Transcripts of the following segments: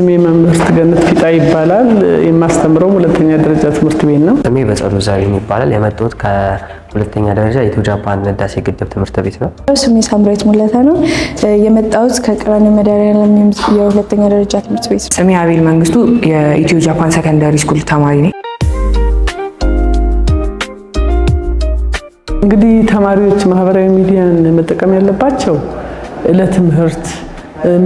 ስሜ መምህር ትገነት ፊጣ ይባላል። የማስተምረው ሁለተኛ ደረጃ ትምህርት ቤት ነው። ስሜ በጸሎ ዛሬም ይባላል። የመጣሁት ከሁለተኛ ደረጃ የኢትዮ ጃፓን ህዳሴ ግድብ ትምህርት ቤት ነው። ስሜ ሳምራዊት ሙለታ ነው። የመጣሁት ከቅራኔ መድኃኔዓለም የሁለተኛ ደረጃ ትምህርት ቤት ነው። ስሜ አቤል መንግስቱ የኢትዮ ጃፓን ሰከንዳሪ ስኩል ተማሪ ነኝ። እንግዲህ ተማሪዎች ማህበራዊ ሚዲያን መጠቀም ያለባቸው ለትምህርት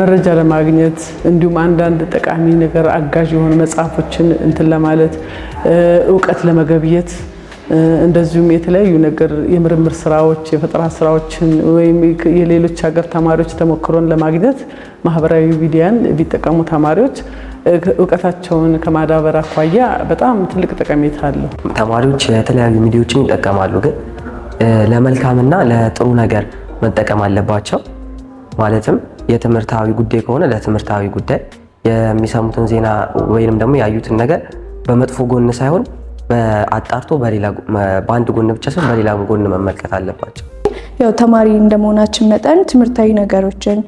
መረጃ ለማግኘት እንዲሁም አንዳንድ ጠቃሚ ነገር አጋዥ የሆኑ መጽሐፎችን እንትን ለማለት እውቀት ለመገብየት እንደዚሁም የተለያዩ ነገር የምርምር ስራዎች፣ የፈጠራ ስራዎችን ወይም የሌሎች ሀገር ተማሪዎች ተሞክሮን ለማግኘት ማህበራዊ ሚዲያን ቢጠቀሙ ተማሪዎች እውቀታቸውን ከማዳበር አኳያ በጣም ትልቅ ጠቀሜታ አለው። ተማሪዎች የተለያዩ ሚዲያዎችን ይጠቀማሉ፣ ግን ለመልካምና ለጥሩ ነገር መጠቀም አለባቸው ማለትም የትምህርታዊ ጉዳይ ከሆነ ለትምህርታዊ ጉዳይ የሚሰሙትን ዜና ወይንም ደግሞ ያዩትን ነገር በመጥፎ ጎን ሳይሆን አጣርቶ በአንድ ጎን ብቻ ሳይሆን በሌላ ጎን መመልከት አለባቸው። ያው ተማሪ እንደመሆናችን መጠን ትምህርታዊ ነገሮችን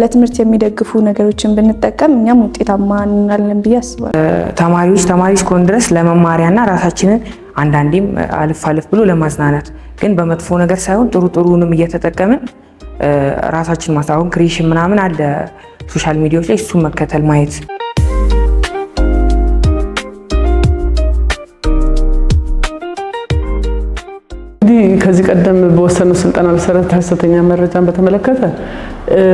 ለትምህርት የሚደግፉ ነገሮችን ብንጠቀም እኛም ውጤታማ እንሆናለን ብዬ አስባለሁ። ተማሪዎች ተማሪ እስከሆን ድረስ ለመማሪያና ራሳችንን አንዳንዴም አልፍ አልፍ ብሎ ለማዝናናት ግን በመጥፎ ነገር ሳይሆን ጥሩ ጥሩንም እየተጠቀምን ራሳችን ማስታወን ክሪኤሽን ምናምን አለ ሶሻል ሚዲያዎች ላይ እሱን መከተል ማየት ከዚህ ቀደም በወሰኑ ስልጠና መሰረት ሐሰተኛ መረጃን በተመለከተ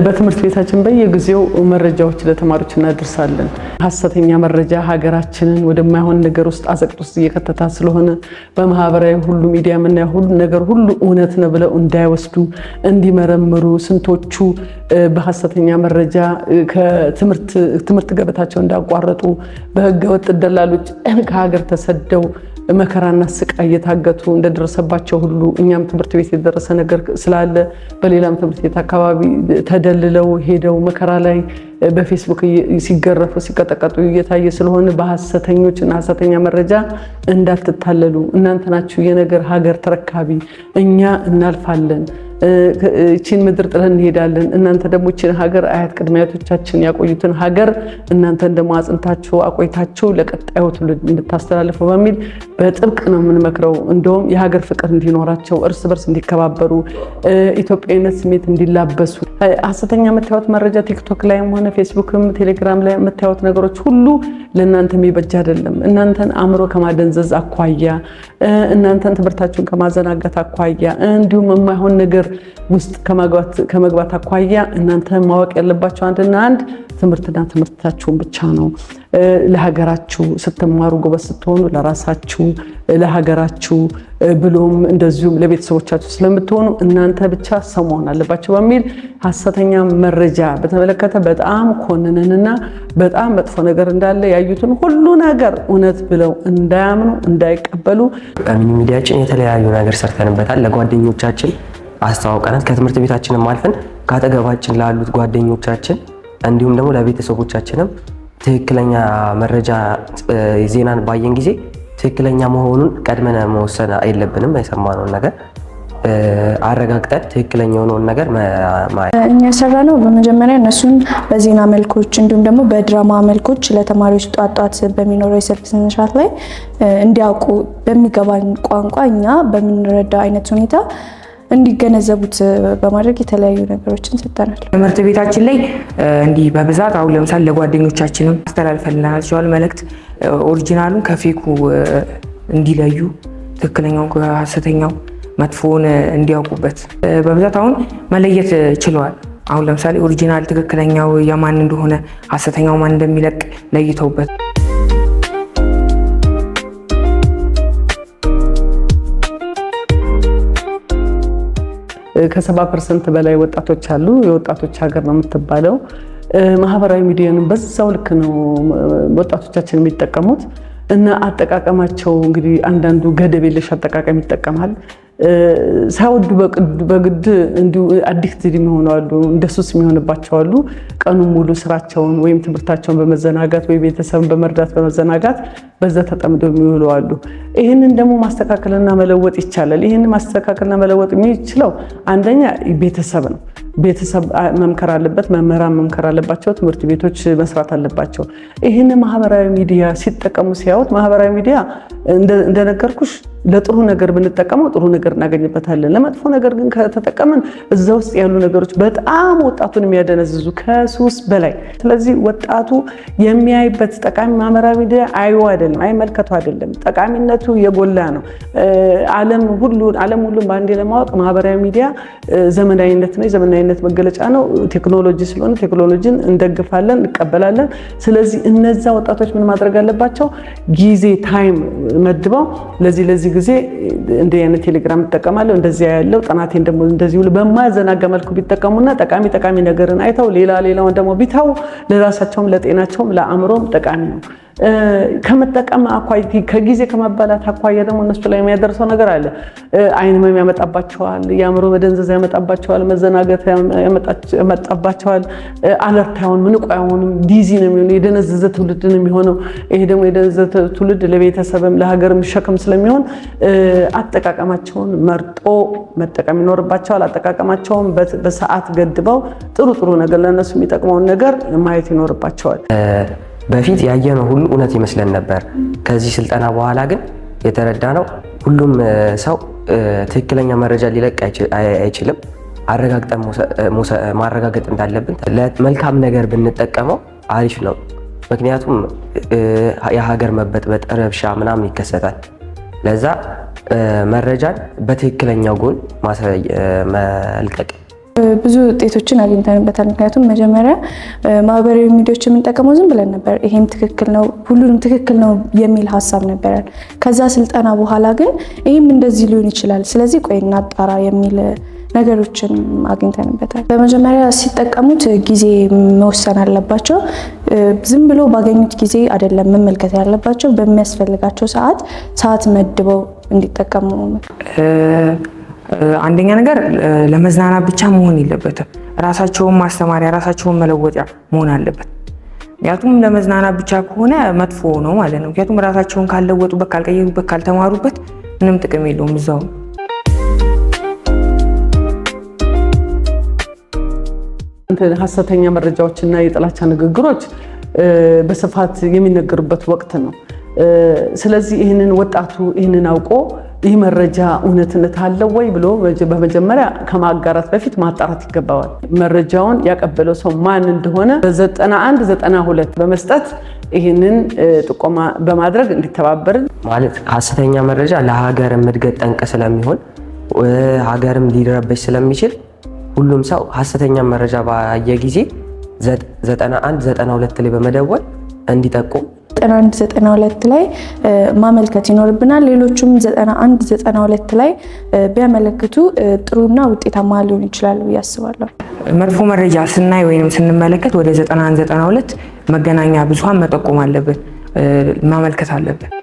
በትምህርት ቤታችን በየጊዜው መረጃዎች ለተማሪዎች እናደርሳለን። ሀሰተኛ መረጃ ሀገራችንን ወደማይሆን ነገር ውስጥ አዘቅት ውስጥ እየከተታ ስለሆነ በማህበራዊ ሁሉ ሚዲያ የምናየው ሁሉ ነገር ሁሉ እውነት ነው ብለው እንዳይወስዱ እንዲመረምሩ፣ ስንቶቹ በሀሰተኛ መረጃ ከትምህርት ገበታቸው እንዳቋረጡ፣ በህገወጥ ደላሎች ከሀገር ተሰደው መከራና ስቃይ እየታገቱ እንደደረሰባቸው ሁሉ እኛም ትምህርት ቤት የደረሰ ነገር ስላለ በሌላም ትምህርት ቤት አካባቢ ተደልለው ሄደው መከራ ላይ በፌስቡክ ሲገረፉ ሲቀጠቀጡ እየታየ ስለሆነ በሀሰተኞች እና ሀሰተኛ መረጃ እንዳትታለሉ። እናንተ ናችሁ የነገር ሀገር ተረካቢ። እኛ እናልፋለን። ይቺን ምድር ጥለን እንሄዳለን። እናንተ ደግሞ ይቺን ሀገር አያት ቅድሚያቶቻችን ያቆዩትን ሀገር እናንተን ደግሞ አጽንታችሁ አቆይታችሁ ለቀጣዩ ትውልድ እንድታስተላልፉ በሚል በጥብቅ ነው የምንመክረው። እንደውም የሀገር ፍቅር እንዲኖራቸው፣ እርስ በርስ እንዲከባበሩ፣ ኢትዮጵያዊነት ስሜት እንዲላበሱ ሐሰተኛ የምታዩት መረጃ ቲክቶክ ላይም ሆነ ፌስቡክም ቴሌግራም ላይ የምታዩት ነገሮች ሁሉ ለእናንተ የሚበጅ አይደለም። እናንተን አእምሮ ከማደንዘዝ አኳያ፣ እናንተን ትምህርታችሁን ከማዘናጋት አኳያ እንዲሁም የማይሆን ነገር ውስጥ ከመግባት አኳያ እናንተ ማወቅ ያለባቸው አንድና አንድ ትምህርትና ትምህርታችሁን ብቻ ነው። ለሀገራችሁ ስትማሩ ጎበዝ ስትሆኑ ለራሳችሁ፣ ለሀገራችሁ ብሎም እንደዚሁም ለቤተሰቦቻችሁ ስለምትሆኑ እናንተ ብቻ ሰው መሆን አለባቸው በሚል ሀሰተኛ መረጃ በተመለከተ በጣም ኮንነንና በጣም መጥፎ ነገር እንዳለ ያዩትን ሁሉ ነገር እውነት ብለው እንዳያምኑ እንዳይቀበሉ ሚዲያችን የተለያዩ ነገር ሰርተንበታል ለጓደኞቻችን አስተዋውቀናል። ከትምህርት ቤታችንም አልፈን ከአጠገባችን ላሉት ጓደኞቻችን እንዲሁም ደግሞ ለቤተሰቦቻችንም ትክክለኛ መረጃ ዜናን ባየን ጊዜ ትክክለኛ መሆኑን ቀድመን መወሰን የለብንም። የሰማነውን ነገር አረጋግጠን ትክክለኛ የሆነውን ነገር እኛ ነው። በመጀመሪያ እነሱን በዜና መልኮች እንዲሁም ደግሞ በድራማ መልኮች ለተማሪዎች ጧት ጧት በሚኖረው የሰልፍ ስነስርዓት ላይ እንዲያውቁ በሚገባን ቋንቋ እኛ በምንረዳ አይነት ሁኔታ እንዲገነዘቡት በማድረግ የተለያዩ ነገሮችን ሰጠናል። ትምህርት ቤታችን ላይ እንዲህ በብዛት አሁን ለምሳሌ ለጓደኞቻችንም አስተላልፈልናቸዋል መልእክት ኦሪጂናሉን ከፌኩ እንዲለዩ ትክክለኛው ከሀሰተኛው መጥፎውን እንዲያውቁበት በብዛት አሁን መለየት ችለዋል። አሁን ለምሳሌ ኦሪጂናል ትክክለኛው የማን እንደሆነ ሀሰተኛው ማን እንደሚለቅ ለይተውበት ከሰባ ፐርሰንት በላይ ወጣቶች አሉ። የወጣቶች ሀገር ነው የምትባለው። ማህበራዊ ሚዲያንም በዛው ልክ ነው ወጣቶቻችን የሚጠቀሙት። እና አጠቃቀማቸው እንግዲህ አንዳንዱ ገደብ የለሽ አጠቃቀም ይጠቀማል። ሳይወዱ በግድ እንዲሁ አዲክትድ የሚሆኑ አሉ፣ እንደሱስ የሚሆንባቸው አሉ። ቀኑን ሙሉ ስራቸውን ወይም ትምህርታቸውን በመዘናጋት ወይ ቤተሰብን በመርዳት በመዘናጋት በዛ ተጠምዶ የሚውሉ አሉ። ይህንን ደግሞ ማስተካከልና መለወጥ ይቻላል። ይህን ማስተካከልና መለወጥ የሚችለው አንደኛ ቤተሰብ ነው። ቤተሰብ መምከር አለበት፣ መምህራን መምከር አለባቸው፣ ትምህርት ቤቶች መስራት አለባቸው። ይህን ማህበራዊ ሚዲያ ሲጠቀሙ ሲያዩት ማህበራዊ ሚዲያ እንደነገርኩሽ ለጥሩ ነገር ብንጠቀመው ጥሩ ነገር እናገኝበታለን። ለመጥፎ ነገር ግን ከተጠቀምን እዛ ውስጥ ያሉ ነገሮች በጣም ወጣቱን የሚያደነዝዙ ከሱስ በላይ። ስለዚህ ወጣቱ የሚያይበት ጠቃሚ ማህበራዊ ሚዲያ አይዎ አይደለም፣ አይመልከቱ አይደለም። ጠቃሚነቱ የጎላ ነው። ዓለም ሁሉ ዓለም በአንዴ ለማወቅ ማህበራዊ ሚዲያ ዘመናዊነት ነው፣ የዘመናዊነት መገለጫ ነው። ቴክኖሎጂ ስለሆነ ቴክኖሎጂን እንደግፋለን፣ እንቀበላለን። ስለዚህ እነዛ ወጣቶች ምን ማድረግ አለባቸው? ጊዜ ታይም መድበው ለዚህ ለዚህ በዚህ ጊዜ እንደ አይነት ቴሌግራም እጠቀማለሁ እንደዚህ ያለው ጥናቴን ደግሞ እንደዚህ ብሎ በማያዘናጋ መልኩ ቢጠቀሙና ጠቃሚ ጠቃሚ ነገርን አይተው ሌላ ሌላውን ደግሞ ቢተው ለራሳቸውም ለጤናቸውም ለአእምሮም ጠቃሚ ነው። ከመጠቀም አኳያ ከጊዜ ከመባላት አኳያ ደግሞ እነሱ ላይ የሚያደርሰው ነገር አለ። አይን ህመም ያመጣባቸዋል፣ የአእምሮ መደንዘዝ ያመጣባቸዋል፣ መዘናገት ያመጣባቸዋል። አለርት አይሆንም፣ ንቁ አይሆንም፣ ዲዚ ነው የሚሆነው። የደነዘዘ ትውልድ ነው የሚሆነው። ይሄ ደግሞ የደነዘዘ ትውልድ ለቤተሰብም ለሀገርም ሸክም ስለሚሆን አጠቃቀማቸውን መርጦ መጠቀም ይኖርባቸዋል። አጠቃቀማቸውን በሰዓት ገድበው ጥሩ ጥሩ ነገር ለእነሱ የሚጠቅመውን ነገር ማየት ይኖርባቸዋል። በፊት ያየነው ሁሉ እውነት ይመስለን ነበር። ከዚህ ስልጠና በኋላ ግን የተረዳ ነው። ሁሉም ሰው ትክክለኛ መረጃ ሊለቅ አይችልም። አረጋግጠን ማረጋገጥ እንዳለብን ለመልካም ነገር ብንጠቀመው አሪፍ ነው። ምክንያቱም የሀገር መበጥበጥ፣ ረብሻ ምናምን ይከሰታል። ለዛ መረጃን በትክክለኛው ጎን መልቀቅ ብዙ ውጤቶችን አግኝተንበታል። ምክንያቱም መጀመሪያ ማህበራዊ ሚዲያዎች የምንጠቀመው ዝም ብለን ነበር። ይሄም ትክክል ነው፣ ሁሉንም ትክክል ነው የሚል ሀሳብ ነበረን። ከዛ ስልጠና በኋላ ግን ይህም እንደዚህ ሊሆን ይችላል፣ ስለዚህ ቆይ እናጣራ የሚል ነገሮችን አግኝተንበታል። በመጀመሪያ ሲጠቀሙት ጊዜ መወሰን አለባቸው። ዝም ብሎ ባገኙት ጊዜ አይደለም መመልከት ያለባቸው፣ በሚያስፈልጋቸው ሰዓት ሰዓት መድበው እንዲጠቀሙ አንደኛ ነገር ለመዝናናት ብቻ መሆን የለበትም። ራሳቸውን ማስተማሪያ፣ ራሳቸውን መለወጫ መሆን አለበት። ምክንያቱም ለመዝናናት ብቻ ከሆነ መጥፎ ነው ማለት ነው። ምክንያቱም ራሳቸውን ካልለወጡበት፣ ካልቀየሩበት፣ ካልተማሩበት ምንም ጥቅም የለውም እዛው ሀሰተኛ መረጃዎችና የጥላቻ ንግግሮች በስፋት የሚነገሩበት ወቅት ነው። ስለዚህ ይህንን ወጣቱ ይህንን አውቆ ይህ መረጃ እውነትነት አለው ወይ ብሎ በመጀመሪያ ከማጋራት በፊት ማጣራት ይገባዋል። መረጃውን ያቀበለው ሰው ማን እንደሆነ በ91 92 በመስጠት ይህንን ጥቆማ በማድረግ እንዲተባበርን ማለት ሀሰተኛ መረጃ ለሀገር እድገት ጠንቅ ስለሚሆን ሀገርም ሊረበሽ ስለሚችል ሁሉም ሰው ሀሰተኛ መረጃ ባየ ጊዜ ዘጠና 92 ላይ በመደወል እንዲጠቁም 9192 ላይ ማመልከት ይኖርብናል። ሌሎቹም 9192 ላይ ቢያመለክቱ ጥሩና ውጤታማ ሊሆን ይችላል ብዬ አስባለሁ። መጥፎ መረጃ ስናይ ወይም ስንመለከት ወደ 9192 መገናኛ ብዙሃን መጠቆም አለብን፣ ማመልከት አለብን።